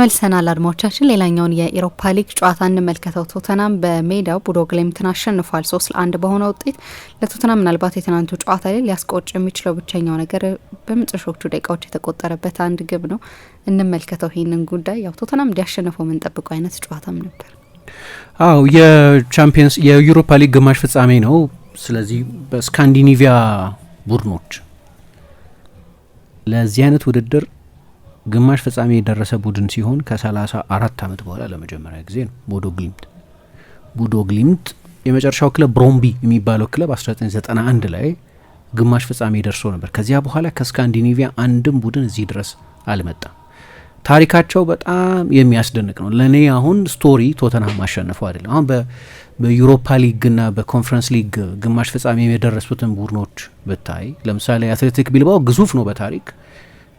ተመልሰናል አድማቻችን ሌላኛውን የኢሮፓ ሊግ ጨዋታ እንመልከተው። ቶተናም በሜዳው ቦዶ ግሊምትን አሸንፏል ሶስት ለአንድ በሆነ ውጤት። ለቶተናም ምናልባት የትናንቱ ጨዋታ ላይ ሊያስቆጭ የሚችለው ብቸኛው ነገር በመጨረሻዎቹ ደቂቃዎች የተቆጠረበት አንድ ግብ ነው። እንመልከተው ይህንን ጉዳይ። ያው ቶተናም እንዲያሸንፈው የምንጠብቀው አይነት ጨዋታም ነበር። አው የቻምፒየንስ የዩሮፓ ሊግ ግማሽ ፍጻሜ ነው። ስለዚህ በስካንዲኒቪያ ቡድኖች ለዚህ አይነት ውድድር ግማሽ ፍጻሜ የደረሰ ቡድን ሲሆን ከሰላሳ አራት ዓመት በኋላ ለመጀመሪያ ጊዜ ነው። ቦዶ ግሊምት ቦዶ ግሊምት የመጨረሻው ክለብ ብሮምቢ የሚባለው ክለብ 1991 ላይ ግማሽ ፍጻሜ ደርሶ ነበር። ከዚያ በኋላ ከስካንዲኔቪያ አንድም ቡድን እዚህ ድረስ አልመጣም። ታሪካቸው በጣም የሚያስደንቅ ነው። ለእኔ አሁን ስቶሪ ቶተና ማሸነፈው አይደለም። አሁን በዩሮፓ ሊግና በኮንፈረንስ ሊግ ግማሽ ፍጻሜ የደረሱትን ቡድኖች ብታይ፣ ለምሳሌ አትሌቲክ ቢልባው ግዙፍ ነው በታሪክ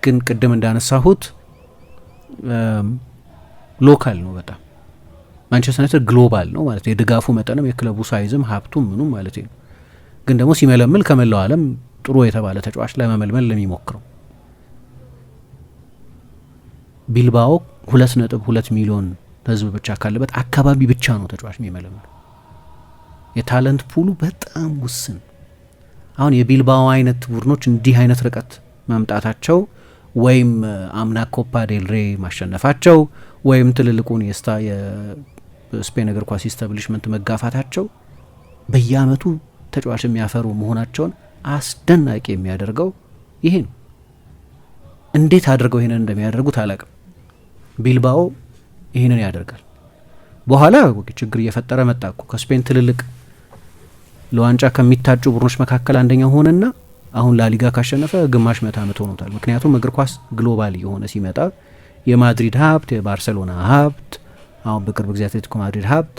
ግን ቅድም እንዳነሳሁት ሎካል ነው በጣም ማንቸስተር ዩናይትድ ግሎባል ነው ማለት የድጋፉ መጠንም የክለቡ ሳይዝም ሀብቱም ምኑም ማለት ነው። ግን ደግሞ ሲመለምል ከመላው ዓለም ጥሩ የተባለ ተጫዋች ላይ መመልመል ለሚሞክረው ቢልባኦ ሁለት ነጥብ ሁለት ሚሊዮን ህዝብ ብቻ ካለበት አካባቢ ብቻ ነው ተጫዋች የሚመለምል። የታለንት ፑሉ በጣም ውስን። አሁን የቢልባኦ አይነት ቡድኖች እንዲህ አይነት ርቀት መምጣታቸው ወይም አምና ኮፓ ዴልሬ ማሸነፋቸው ወይም ትልልቁን የስታ የስፔን እግር ኳስ ኢስታብሊሽመንት መጋፋታቸው በየአመቱ ተጫዋች የሚያፈሩ መሆናቸውን አስደናቂ የሚያደርገው ይሄ ነው። እንዴት አድርገው ይህንን እንደሚያደርጉት አላቅም። ቢልባኦ ይህንን ያደርጋል። በኋላ ችግር እየፈጠረ መጣ እኮ ከስፔን ትልልቅ ለዋንጫ ከሚታጩ ቡድኖች መካከል አንደኛው ሆነና አሁን ላሊጋ ካሸነፈ ግማሽ መቶ ዓመት ሆኖታል። ምክንያቱም እግር ኳስ ግሎባል የሆነ ሲመጣ የማድሪድ ሀብት፣ የባርሰሎና ሀብት፣ አሁን በቅርብ ጊዜ አትሌቲኮ ማድሪድ ሀብት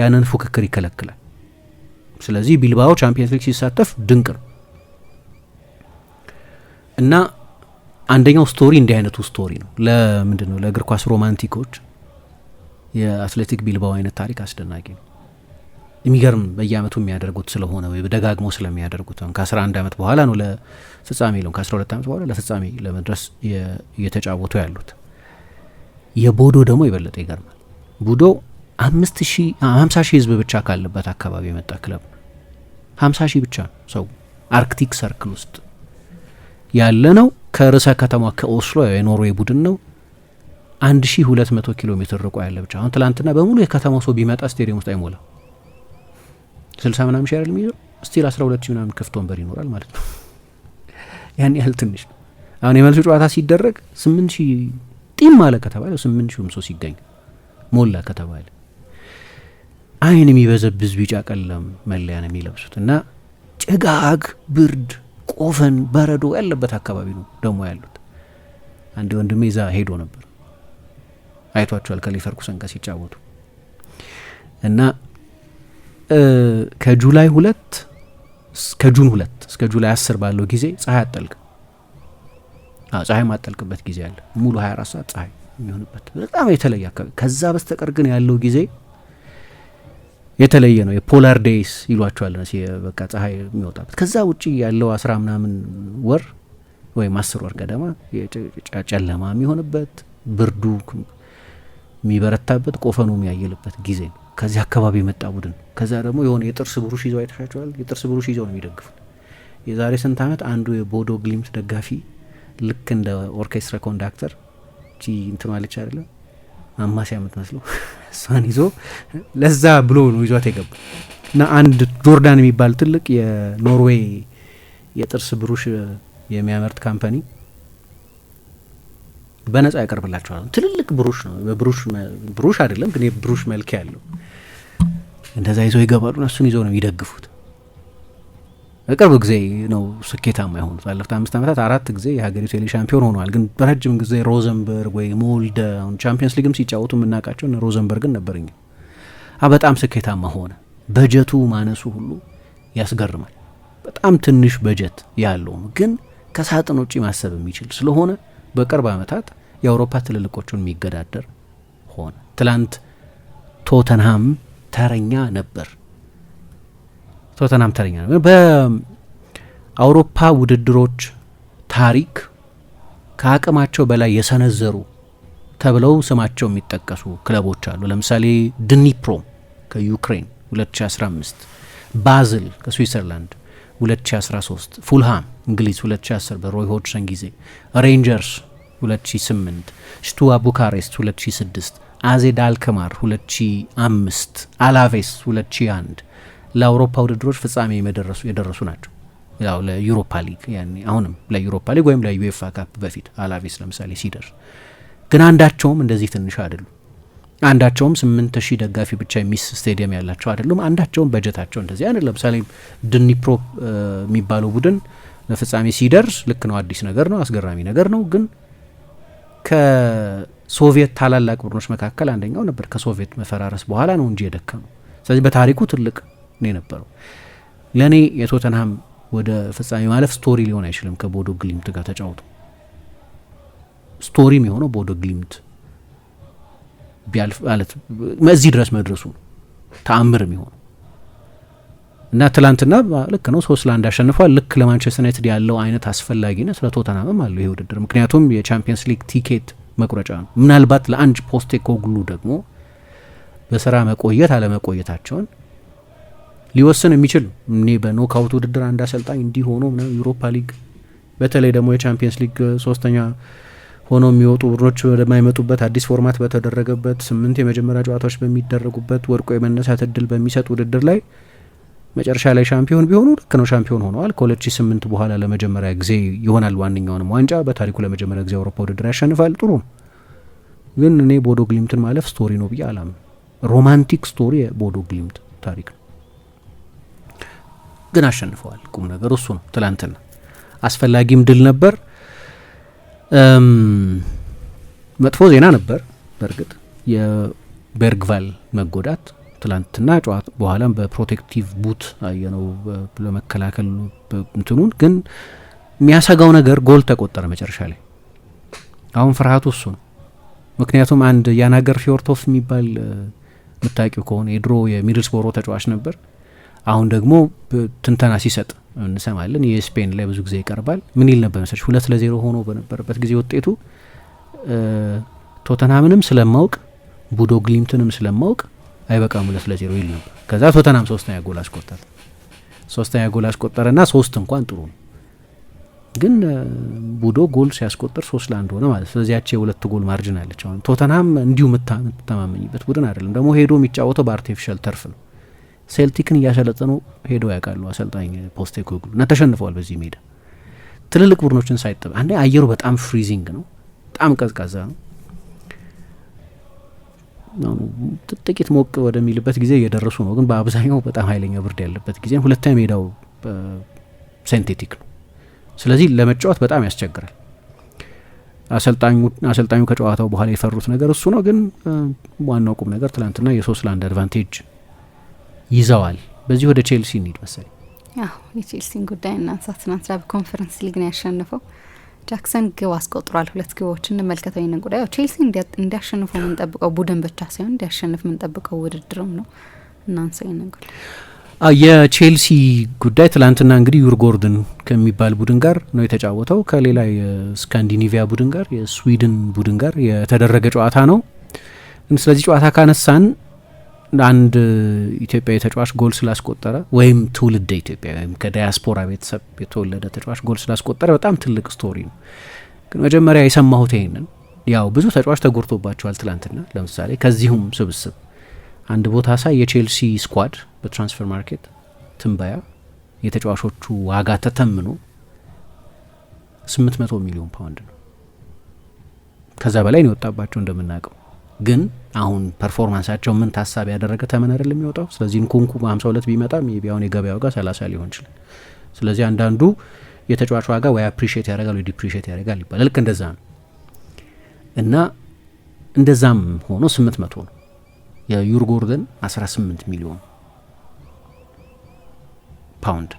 ያንን ፉክክር ይከለክላል። ስለዚህ ቢልባኦ ቻምፒየንስ ሊግ ሲሳተፍ ድንቅ ነው እና አንደኛው ስቶሪ እንዲህ አይነቱ ስቶሪ ነው። ለምንድን ነው ለእግር ኳስ ሮማንቲኮች የአትሌቲክ ቢልባኦ አይነት ታሪክ አስደናቂ ነው። የሚገርም በየአመቱ የሚያደርጉት ስለሆነ ወይ ደጋግሞ ስለሚያደርጉት ከ ከ11 ዓመት በኋላ ነው ለፍጻሜ ለው ከ12 ዓመት በኋላ ለፍጻሜ ለመድረስ እየተጫወቱ ያሉት። የቦዶ ደግሞ የበለጠ ይገርማል። ቡዶ አምስት ሺ ሀምሳ ሺህ ህዝብ ብቻ ካለበት አካባቢ የመጣ ክለብ ሀምሳ ሺህ ብቻ ሰው አርክቲክ ሰርክል ውስጥ ያለ ነው። ከርዕሰ ከተማ ከኦስሎ የኖርዌይ ቡድን ነው። መቶ ኪሎ ሜትር ርቆ ያለ ብቻ። አሁን ትላንትና በሙሉ የከተማው ሰው ቢመጣ ስቴዲየም ውስጥ አይሞላም። ስልሳ ምናም ሺህ የሚይዘው ስቲል አስራ ሁለት ሺ ምናምን ክፍት ወንበር ይኖራል ማለት ነው። ያን ያህል ትንሽ ነው። አሁን የመልሱ ጨዋታ ሲደረግ ስምንት ሺ ጢም አለ ከተባለ ስምንት ሺህ ምሶ ሲገኝ ሞላ ከተባለ አይን የሚበዘብዝ ቢጫ ቀለም መለያ ነው የሚለብሱት እና ጭጋግ፣ ብርድ፣ ቆፈን፣ በረዶ ያለበት አካባቢ ነው ደግሞ ያሉት። አንድ ወንድሜ እዛ ሄዶ ነበር አይቷቸዋል ከሌቨርኩሰን ጋር ሲጫወቱ እና ከጁላይ ሁለት ከጁን ሁለት እስከ ጁላይ አስር ባለው ጊዜ ፀሐይ አጠልቅ ፀሐይ ማጠልቅበት ጊዜ አለ። ሙሉ 24 ሰዓት ፀሐይ የሚሆንበት በጣም የተለየ አካባቢ። ከዛ በስተቀር ግን ያለው ጊዜ የተለየ ነው። የፖላር ዴይስ ይሏቸዋል። በቃ ፀሐይ የሚወጣበት ከዛ ውጭ ያለው አስራ ምናምን ወር ወይም አስር ወር ገደማ ጨለማ የሚሆንበት ብርዱ የሚበረታበት፣ ቆፈኑ የሚያየልበት ጊዜ ነው። ከዚህ አካባቢ የመጣ ቡድን ከዛ ደግሞ የሆነ የጥርስ ብሩሽ ይዘው አይተሻቸዋል። የጥርስ ብሩሽ ይዘው ነው የሚደግፉት። የዛሬ ስንት ዓመት አንዱ የቦዶ ግሊምት ደጋፊ ልክ እንደ ኦርኬስትራ ኮንዳክተር ቺ እንትማለች አይደለም አማሲያ የምትመስለው እሷን ይዞ ለዛ ብሎ ነው ይዟት የገባ እና አንድ ጆርዳን የሚባል ትልቅ የኖርዌይ የጥርስ ብሩሽ የሚያመርት ካምፓኒ በነጻ ያቀርብላቸዋል። ትልልቅ ብሩሽ ነው። ብሩሽ አይደለም ግን የብሩሽ መልክ ያለው እንደዛ ይዘው ይገባሉ። እሱን ይዘው ነው ይደግፉት። በቅርብ ጊዜ ነው ስኬታማ የሆኑት። ባለፉት አምስት ዓመታት አራት ጊዜ የሀገሪቱ የሊግ ሻምፒዮን ሆነዋል። ግን በረጅም ጊዜ ሮዘንበርግ ወይ ሞልደ ቻምፒየንስ ሊግም ሲጫወቱ የምናውቃቸው ሮዘንበርግን ነበርኝ። በጣም ስኬታማ ሆነ። በጀቱ ማነሱ ሁሉ ያስገርማል። በጣም ትንሽ በጀት ያለውም ግን ከሳጥን ውጪ ማሰብ የሚችል ስለሆነ በቅርብ ዓመታት የአውሮፓ ትልልቆቹን የሚገዳደር ሆነ። ትላንት ቶተንሃም ተረኛ ነበር። ቶተናም ተረኛ ነበር። በአውሮፓ ውድድሮች ታሪክ ከአቅማቸው በላይ የሰነዘሩ ተብለው ስማቸው የሚጠቀሱ ክለቦች አሉ። ለምሳሌ ድኒፕሮ ከዩክሬን 2015፣ ባዝል ከስዊትዘርላንድ 2013፣ ፉልሃም እንግሊዝ 2010 በሮይ ሆድሰን ጊዜ፣ ሬንጀርስ 2008፣ ሽቱዋ ቡካሬስት 2006 አዜድ አልከማር 2005 አላቬስ 2001 ለአውሮፓ ውድድሮች ፍጻሜ የደረሱ ናቸው። ያው ለዩሮፓ ሊግ ያኔ አሁንም ለዩሮፓ ሊግ ወይም ለዩኤፋ ካፕ በፊት አላቬስ ለምሳሌ ሲደርስ ግን አንዳቸውም እንደዚህ ትንሽ አይደሉም። አንዳቸውም ስምንት ሺህ ደጋፊ ብቻ የሚስ ስቴዲየም ያላቸው አይደሉም። አንዳቸውም በጀታቸው እንደዚህ አይደለም። ለምሳሌ ድኒፕሮ የሚባለው ቡድን ለፍጻሜ ሲደርስ ልክ ነው፣ አዲስ ነገር ነው፣ አስገራሚ ነገር ነው ግን ከሶቪየት ታላላቅ ቡድኖች መካከል አንደኛው ነበር። ከሶቪየት መፈራረስ በኋላ ነው እንጂ የደከመው። ስለዚህ በታሪኩ ትልቅ ነው የነበረው። ለእኔ የቶተንሃም ወደ ፍጻሜ ማለፍ ስቶሪ ሊሆን አይችልም። ከቦዶ ግሊምት ጋር ተጫውቶ ስቶሪም የሆነው ቦዶ ግሊምት ቢያልፍ ማለት እዚህ ድረስ መድረሱ ነው ተአምር የሚሆነው እና ትላንትና ልክ ነው ሶስት ለአንድ አሸንፏል። ልክ ለማንቸስተር ዩናይትድ ያለው አይነት አስፈላጊነት ለቶተናምም አለው ይሄ ውድድር፣ ምክንያቱም የቻምፒየንስ ሊግ ቲኬት መቁረጫ ነው። ምናልባት ለአንድ ፖስቴኮግሉ ደግሞ በስራ መቆየት አለመቆየታቸውን ሊወስን የሚችል እኔ በኖካውት ውድድር አንድ አሰልጣኝ እንዲህ ሆኖ ምናምን ዩሮፓ ሊግ በተለይ ደግሞ የቻምፒየንስ ሊግ ሶስተኛ ሆነው የሚወጡ ቡድኖች ወደማይመጡበት አዲስ ፎርማት በተደረገበት ስምንት የመጀመሪያ ጨዋታዎች በሚደረጉበት ወድቆ የመነሳት እድል በሚሰጥ ውድድር ላይ መጨረሻ ላይ ሻምፒዮን ቢሆኑ ልክ ነው፣ ሻምፒዮን ሆነዋል። ከ2008 በኋላ ለመጀመሪያ ጊዜ ይሆናል ዋነኛውንም ዋንጫ በታሪኩ ለመጀመሪያ ጊዜ አውሮፓ ውድድር ያሸንፋል። ጥሩ ነው፣ ግን እኔ ቦዶ ግሊምትን ማለፍ ስቶሪ ነው ብዬ አላምንም። ሮማንቲክ ስቶሪ የቦዶ ግሊምት ታሪክ ነው፣ ግን አሸንፈዋል። ቁም ነገር እሱ ነው። ትላንትና አስፈላጊም ድል ነበር። መጥፎ ዜና ነበር በእርግጥ የቤርግቫል መጎዳት ትላንትና ጨዋታ በኋላም በፕሮቴክቲቭ ቡት አየነው ለመከላከል እንትኑን ግን የሚያሰጋው ነገር ጎል ተቆጠረ መጨረሻ ላይ። አሁን ፍርሃቱ እሱ ነው። ምክንያቱም አንድ ያናገር ፊዮርቶፍ የሚባል የምታውቂው ከሆነ የድሮ የሚድልስቦሮ ተጫዋች ነበር። አሁን ደግሞ ትንተና ሲሰጥ እንሰማለን። የስፔን ላይ ብዙ ጊዜ ይቀርባል። ምን ይል ነበር መሰለሽ? ሁለት ለዜሮ ሆኖ በነበረበት ጊዜ ውጤቱ ቶተናምንም ስለማውቅ ቡዶ ግሊምትንም ስለማውቅ አይበቃም ሁለት ለዜሮ ይል ነበር። ከዛ ቶተናም ሶስተኛ ጎል አስቆጠረ። ሶስተኛ ጎል አስቆጠረና ሶስት እንኳን ጥሩ ነው፣ ግን ቡዶ ጎል ሲያስቆጥር ሶስት ለአንድ ሆነ ማለት። ስለዚህ ያቺ የሁለት ጎል ማርጅን አለች። አሁን ቶተናም እንዲሁ የምትተማመኝበት ቡድን አይደለም። ደግሞ ሄዶ የሚጫወተው በአርቲፊሻል ተርፍ ነው። ሴልቲክን እያሰለጠኑ ሄዶ ያውቃሉ አሰልጣኝ ፖስቴኮግሉ እና ተሸንፈዋል በዚህ ሜዳ ትልልቅ ቡድኖችን ሳይጠበ አንዴ አየሩ በጣም ፍሪዚንግ ነው፣ በጣም ቀዝቃዛ ነው። ጥቂት ሞቅ ወደሚልበት ጊዜ እየደረሱ ነው። ግን በአብዛኛው በጣም ኃይለኛ ብርድ ያለበት ጊዜ ሁለተኛ ሜዳው ሴንቴቲክ ነው። ስለዚህ ለመጫወት በጣም ያስቸግራል። አሰልጣኙ ከጨዋታው በኋላ የፈሩት ነገር እሱ ነው። ግን ዋናው ቁም ነገር ትናንትና የሶስት ለአንድ አድቫንቴጅ ይዘዋል። በዚህ ወደ ቼልሲ እንሂድ መሰለኝ። የቼልሲን ጉዳይ እናንሳ። ትናንትና በኮንፈረንስ ሊግ ነው ያሸንፈው ጃክሰን ግብ አስቆጥሯል። ሁለት ግቦች እንመልከተው ይንን ጉዳይ ቼልሲ እንዲያሸንፉ የምንጠብቀው ቡድን ብቻ ሳይሆን እንዲያሸንፍ የምንጠብቀው ውድድርም ነው። እናንሰው ይንን ጉዳይ የቼልሲ ጉዳይ ትላንትና እንግዲህ ዩር ጎርድን ከሚባል ቡድን ጋር ነው የተጫወተው። ከሌላ የስካንዲኔቪያ ቡድን ጋር የስዊድን ቡድን ጋር የተደረገ ጨዋታ ነው። ስለዚህ ጨዋታ ካነሳን አንድ ኢትዮጵያዊ ተጫዋች ጎል ስላስቆጠረ ወይም ትውልደ ኢትዮጵያ ወይም ከዳያስፖራ ቤተሰብ የተወለደ ተጫዋች ጎል ስላስቆጠረ በጣም ትልቅ ስቶሪ ነው። ግን መጀመሪያ የሰማሁት ይሄንን ያው ብዙ ተጫዋች ተጎድቶባቸዋል። ትላንትና ለምሳሌ ከዚሁም ስብስብ አንድ ቦታ ሳይ የቼልሲ ስኳድ በትራንስፈር ማርኬት ትንበያ የተጫዋቾቹ ዋጋ ተተምኖ 800 ሚሊዮን ፓውንድ ነው። ከዛ በላይ ነው የወጣባቸው እንደምናውቀው ግን አሁን ፐርፎርማንሳቸው ምን ታሳቢ ያደረገ ተመን አይደለም የሚወጣው። ስለዚህ ንኩንኩ በሀምሳ ሁለት ቢመጣ ሜቢ አሁን የገበያ ዋጋ ሰላሳ ሊሆን ይችላል። ስለዚህ አንዳንዱ የተጫዋች ዋጋ ወይ አፕሪሼት ያደርጋል ወይ ዲፕሪሼት ያደርጋል ይባላል። ልክ እንደዛ ነው እና እንደዛም ሆኖ መቶ ነው የዩርጎርደን 18 ሚሊዮን ፓውንድ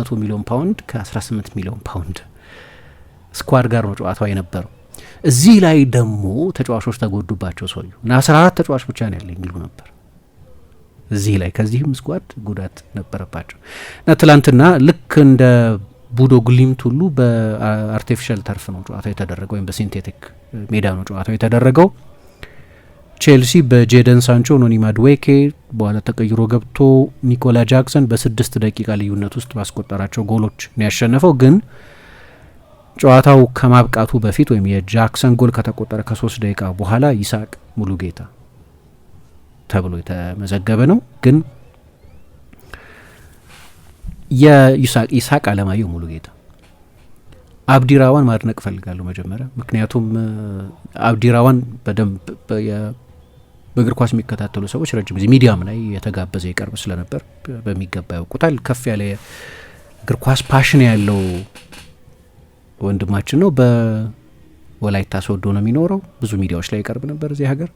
መቶ ሚሊዮን ፓውንድ ከ18 ሚሊዮን ፓውንድ ስኳድ ጋር ነው ጨዋታው የነበረው። እዚህ ላይ ደግሞ ተጫዋቾች ተጎዱባቸው ሰውዬው እና አስራ አራት ተጫዋች ብቻ ነው ያለ የሚሉ ነበር እዚህ ላይ ከዚህም ስኳድ ጉዳት ነበረባቸው እና ትላንትና ልክ እንደ ቡዶ ግሊምት ሁሉ በአርቲፊሻል ተርፍ ነው ጨዋታው የተደረገው ወይም በሲንቴቲክ ሜዳ ነው ጨዋታው የተደረገው። ቼልሲ በጄደን ሳንቾ ኖኒ ማድዌኬ በኋላ ተቀይሮ ገብቶ ኒኮላ ጃክሰን በስድስት ደቂቃ ልዩነት ውስጥ ባስቆጠራቸው ጎሎች ነው ያሸነፈው ግን ጨዋታው ከማብቃቱ በፊት ወይም የጃክሰን ጎል ከተቆጠረ ከሶስት ደቂቃ በኋላ ሙሉ ጌታ ተብሎ የተመዘገበ ነው። ግን የይስሐቅ ይስሐቅ አለማየሁ ጌታ አብዲራዋን ማድነቅ እፈልጋለሁ መጀመሪያ። ምክንያቱም አብዲራዋን በደንብ በእግር ኳስ የሚከታተሉ ሰዎች ረጅም ጊዜ ሚዲያም ላይ የተጋበዘ ይቀርብ ስለነበር በሚገባ ያውቁታል። ከፍ ያለ እግር ኳስ ፓሽን ያለው ወንድማችን ነው። በወላይታ ሶዶ ነው የሚኖረው። ብዙ ሚዲያዎች ላይ ይቀርብ ነበር እዚህ ሀገር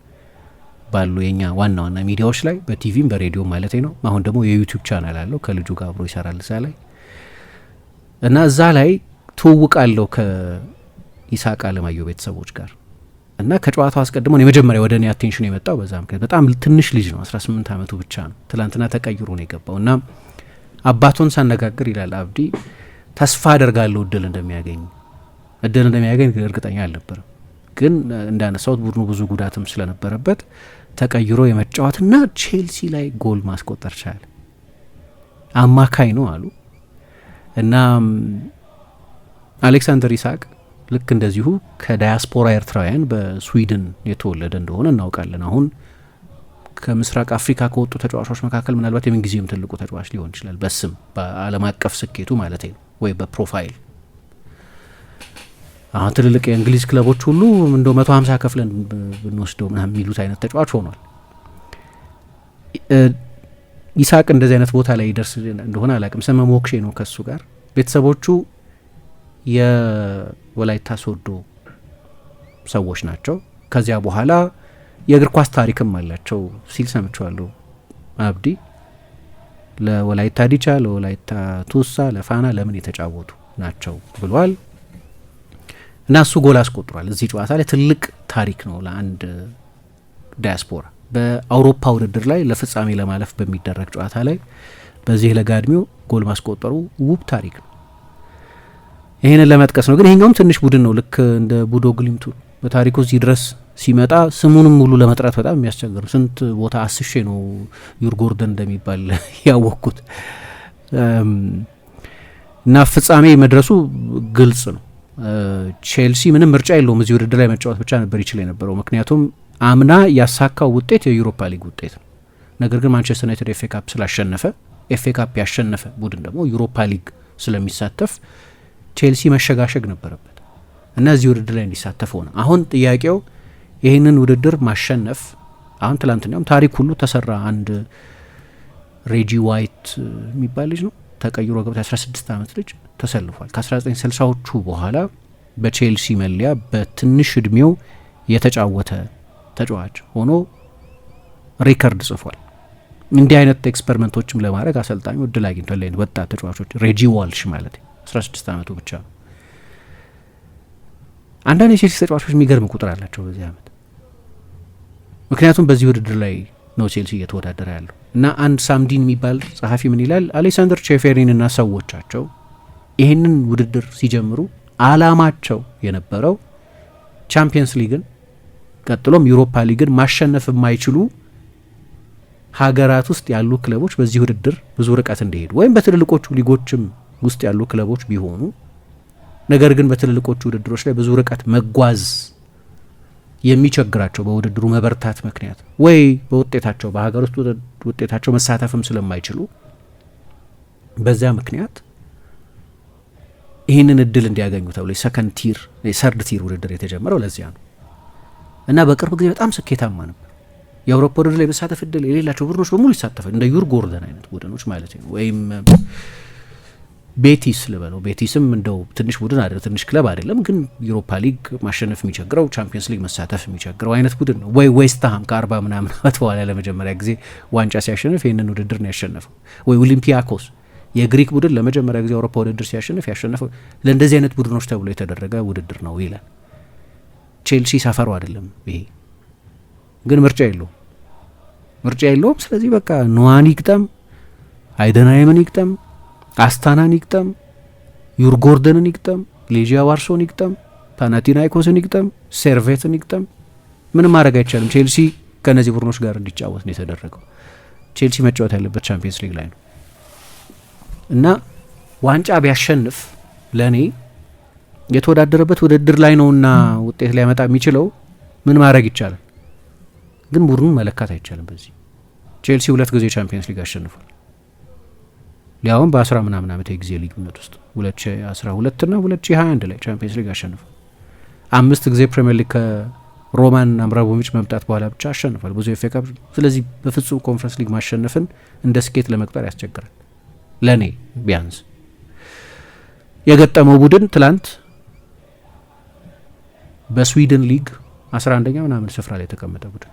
ባሉ የኛ ዋና ዋና ሚዲያዎች ላይ በቲቪም በሬዲዮ ማለት ነው። አሁን ደግሞ የዩቲዩብ ቻናል አለው ከልጁ ጋር አብሮ ይሰራል እዛ ላይ እና እዛ ላይ ትውውቅ አለው ከይስሐቅ አለማየሁ ቤተሰቦች ጋር እና ከጨዋታው አስቀድሞ የመጀመሪያ ወደ እኔ አቴንሽን የመጣው በዛ ምክንያት በጣም ትንሽ ልጅ ነው 18 ዓመቱ ብቻ ነው። ትላንትና ተቀይሮ ነው የገባው እና አባቱን ሳነጋግር ይላል አብዲ ተስፋ አደርጋለሁ እድል እንደሚያገኝ እድል እንደሚያገኝ እርግጠኛ አልነበርም። ግን እንዳነሳሁት ቡድኑ ብዙ ጉዳትም ስለነበረበት ተቀይሮ የመጫወትና ቼልሲ ላይ ጎል ማስቆጠር ቻለ። አማካይ ነው አሉ እና አሌክሳንደር ኢሳቅ ልክ እንደዚሁ ከዳያስፖራ ኤርትራውያን በስዊድን የተወለደ እንደሆነ እናውቃለን። አሁን ከምስራቅ አፍሪካ ከወጡ ተጫዋቾች መካከል ምናልባት የምንጊዜም ትልቁ ተጫዋች ሊሆን ይችላል፣ በስም በዓለም አቀፍ ስኬቱ ማለት ነው። ወይ በፕሮፋይል አሁን ትልልቅ የእንግሊዝ ክለቦች ሁሉ እንደ መቶ ሀምሳ ከፍለን ብንወስደው ምና የሚሉት አይነት ተጫዋች ሆኗል። ኢሳቅ እንደዚህ አይነት ቦታ ላይ ይደርስ እንደሆነ አላቅም። ስመ ሞክሼ ነው ከሱ ጋር ቤተሰቦቹ የወላይታ ሶዶ ሰዎች ናቸው። ከዚያ በኋላ የእግር ኳስ ታሪክም አላቸው ሲል ሰምቸዋለሁ አብዲ ለወላይታ ዲቻ፣ ለወላይታ ቱሳ፣ ለፋና ለምን የተጫወቱ ናቸው ብሏል እና እሱ ጎል አስቆጥሯል። እዚህ ጨዋታ ላይ ትልቅ ታሪክ ነው ለአንድ ዳያስፖራ በአውሮፓ ውድድር ላይ ለፍጻሜ ለማለፍ በሚደረግ ጨዋታ ላይ በዚህ ለጋድሚው ጎል ማስቆጠሩ ውብ ታሪክ ነው። ይህንን ለመጥቀስ ነው። ግን ይሄኛውም ትንሽ ቡድን ነው፣ ልክ እንደ ቡዶ ግሊምቱ በታሪኩ እዚህ ድረስ ሲመጣ ስሙንም ሙሉ ለመጥራት በጣም የሚያስቸግር ስንት ቦታ አስሼ ነው ዩርጎርደን እንደሚባል ያወቅኩት እና ፍጻሜ መድረሱ ግልጽ ነው። ቼልሲ ምንም ምርጫ የለውም። እዚህ ውድድር ላይ መጫወት ብቻ ነበር ይችል የነበረው። ምክንያቱም አምና ያሳካው ውጤት የዩሮፓ ሊግ ውጤት ነው። ነገር ግን ማንቸስተር ዩናይትድ ኤፍ ኤ ካፕ ስላሸነፈ ኤፍ ኤ ካፕ ያሸነፈ ቡድን ደግሞ ዩሮፓ ሊግ ስለሚሳተፍ ቼልሲ መሸጋሸግ ነበረበት እና እዚህ ውድድር ላይ እንዲሳተፍ ሆነ። አሁን ጥያቄው ይህንን ውድድር ማሸነፍ አሁን ትላንትናም ታሪክ ሁሉ ተሰራ። አንድ ሬጂ ዋይት የሚባል ልጅ ነው ተቀይሮ ገብቶ 16 ዓመት ልጅ ተሰልፏል። ከ1960ዎቹ በኋላ በቼልሲ መለያ በትንሽ እድሜው የተጫወተ ተጫዋች ሆኖ ሪከርድ ጽፏል። እንዲህ አይነት ኤክስፐሪመንቶችም ለማድረግ አሰልጣኙ እድል አግኝቷል። ወጣት ተጫዋቾች ሬጂ ዋልሽ ማለት 16 ዓመቱ ብቻ ነው። አንዳንድ የቼልሲ ተጫዋቾች የሚገርም ቁጥር አላቸው በዚህ ዓመት ምክንያቱም በዚህ ውድድር ላይ ነው ቼልሲ እየተወዳደረ ያለው እና አንድ ሳምዲን የሚባል ጸሐፊ ምን ይላል? አሌክሳንደር ቼፌሪን እና ሰዎቻቸው ይህንን ውድድር ሲጀምሩ አላማቸው የነበረው ቻምፒየንስ ሊግን ቀጥሎም ዩሮፓ ሊግን ማሸነፍ የማይችሉ ሀገራት ውስጥ ያሉ ክለቦች በዚህ ውድድር ብዙ ርቀት እንደሄዱ ወይም በትልልቆቹ ሊጎችም ውስጥ ያሉ ክለቦች ቢሆኑ ነገር ግን በትልልቆቹ ውድድሮች ላይ ብዙ ርቀት መጓዝ የሚቸግራቸው በውድድሩ መበርታት ምክንያት ወይ በውጤታቸው በሀገር ውስጥ ውጤታቸው መሳተፍም ስለማይችሉ በዚያ ምክንያት ይህንን እድል እንዲያገኙ ተብሎ የሰከንድ ቲር የሰርድ ቲር ውድድር የተጀመረው ለዚያ ነው እና በቅርብ ጊዜ በጣም ስኬታማ ነበር። የአውሮፓ ውድድር ላይ መሳተፍ እድል የሌላቸው ቡድኖች በሙሉ ይሳተፋል። እንደ ዩር ጎርደን አይነት ቡድኖች ማለት ነው ወይም ቤቲስ ልበለው ቤቲስም እንደው ትንሽ ቡድን አይደለም፣ ትንሽ ክለብ አይደለም። ግን ዩሮፓ ሊግ ማሸነፍ የሚቸግረው ቻምፒየንስ ሊግ መሳተፍ የሚቸግረው አይነት ቡድን ነው። ወይ ዌስትሃም ከአርባ ምናምን ዓመት በኋላ ለመጀመሪያ ጊዜ ዋንጫ ሲያሸንፍ ይህንን ውድድር ነው ያሸነፈው። ወይ ኦሊምፒያኮስ የግሪክ ቡድን ለመጀመሪያ ጊዜ አውሮፓ ውድድር ሲያሸንፍ ያሸነፈው ለእንደዚህ አይነት ቡድኖች ተብሎ የተደረገ ውድድር ነው ይላል። ቼልሲ ሰፈሩ አይደለም ይሄ ግን ምርጫ የለውም፣ ምርጫ የለውም። ስለዚህ በቃ ኖዋን ይግጠም አይደንሃይምን ይግጠም አስታናን ይግጠም፣ ዩር ጎርደንን ይግጠም፣ ሌጂያ ዋርሶን ይግጠም፣ ፓናቲናይኮስን ይግጠም፣ ሴርቬትን ይግጠም፣ ምንም ማድረግ አይቻልም። ቼልሲ ከእነዚህ ቡድኖች ጋር እንዲጫወት ነው የተደረገው። ቼልሲ መጫወት ያለበት ቻምፒየንስ ሊግ ላይ ነው እና ዋንጫ ቢያሸንፍ ለእኔ የተወዳደረበት ውድድር ላይ ነውና ውጤት ሊያመጣ የሚችለው ምን ማድረግ ይቻላል። ግን ቡድኑን መለካት አይቻልም። በዚህ ቼልሲ ሁለት ጊዜ ቻምፒየንስ ሊግ አሸንፏል። ሊያውም በአስራ ምናምን ዓመት የጊዜ ልዩነት ውስጥ ሁለት ሺ አስራ ሁለት ና ሁለት ሺ ሀያ አንድ ላይ ቻምፒየንስ ሊግ አሸንፏል። አምስት ጊዜ ፕሪምየር ሊግ ከሮማን አብራሞቪች መምጣት በኋላ ብቻ አሸንፏል ብዙ ኤፍ ኤ ካፕ። ስለዚህ በፍጹም ኮንፈረንስ ሊግ ማሸነፍን እንደ ስኬት ለመቅጠር ያስቸግራል። ለእኔ ቢያንስ የገጠመው ቡድን ትላንት በስዊድን ሊግ አስራ አንደኛ ምናምን ስፍራ ላይ የተቀመጠ ቡድን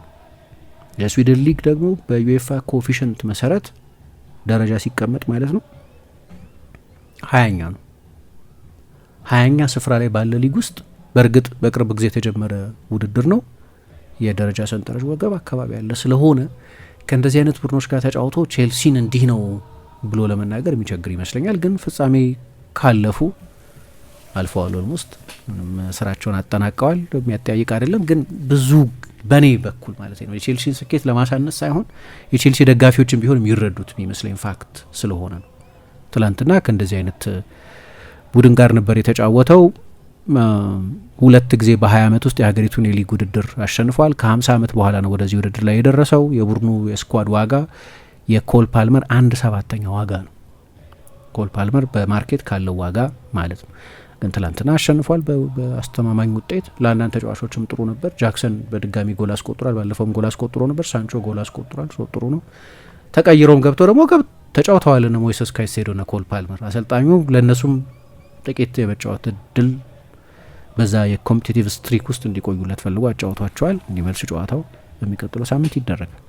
የስዊድን ሊግ ደግሞ በዩኤፋ ኮኤፊሽንት መሰረት ደረጃ ሲቀመጥ ማለት ነው ሀያኛ ነው። ሀያኛ ስፍራ ላይ ባለ ሊግ ውስጥ በእርግጥ በቅርብ ጊዜ የተጀመረ ውድድር ነው። የደረጃ ሰንጠረዥ ወገብ አካባቢ ያለ ስለሆነ ከእንደዚህ አይነት ቡድኖች ጋር ተጫውቶ ቼልሲን እንዲህ ነው ብሎ ለመናገር የሚቸግር ይመስለኛል። ግን ፍጻሜ ካለፉ አልፈዋል። ኦልሞስት ስራቸውን አጠናቀዋል። የሚያጠያይቅ አይደለም ግን ብዙ በእኔ በኩል ማለት ነው የቼልሲን ስኬት ለማሳነስ ሳይሆን የቼልሲ ደጋፊዎችን ቢሆን የሚረዱት የሚመስለኝ ፋክት ስለሆነ ነው። ትላንትና ከእንደዚህ አይነት ቡድን ጋር ነበር የተጫወተው። ሁለት ጊዜ በ20 ዓመት ውስጥ የሀገሪቱን የሊግ ውድድር አሸንፏል። ከ50 ዓመት በኋላ ነው ወደዚህ ውድድር ላይ የደረሰው። የቡድኑ የስኳድ ዋጋ የኮል ፓልመር አንድ ሰባተኛ ዋጋ ነው። ኮል ፓልመር በማርኬት ካለው ዋጋ ማለት ነው። ግን ትላንትና አሸንፏል በአስተማማኝ ውጤት። ለአንዳንድ ተጫዋቾችም ጥሩ ነበር። ጃክሰን በድጋሚ ጎል አስቆጥሯል። ባለፈውም ጎል አስቆጥሮ ነበር። ሳንቾ ጎል አስቆጥሯል። ሶ ጥሩ ነው። ተቀይሮም ገብተው ደግሞ ገብ ተጫውተዋል። ነ ሞይሰስ ካይሴዶ ነ ኮል ፓልመር አሰልጣኙ ለእነሱም ጥቂት የመጫወት እድል በዛ የኮምፒቲቲቭ ስትሪክ ውስጥ እንዲቆዩለት ፈልጎ አጫውቷቸዋል። እንዲመልስ ጨዋታው በሚቀጥለው ሳምንት ይደረጋል።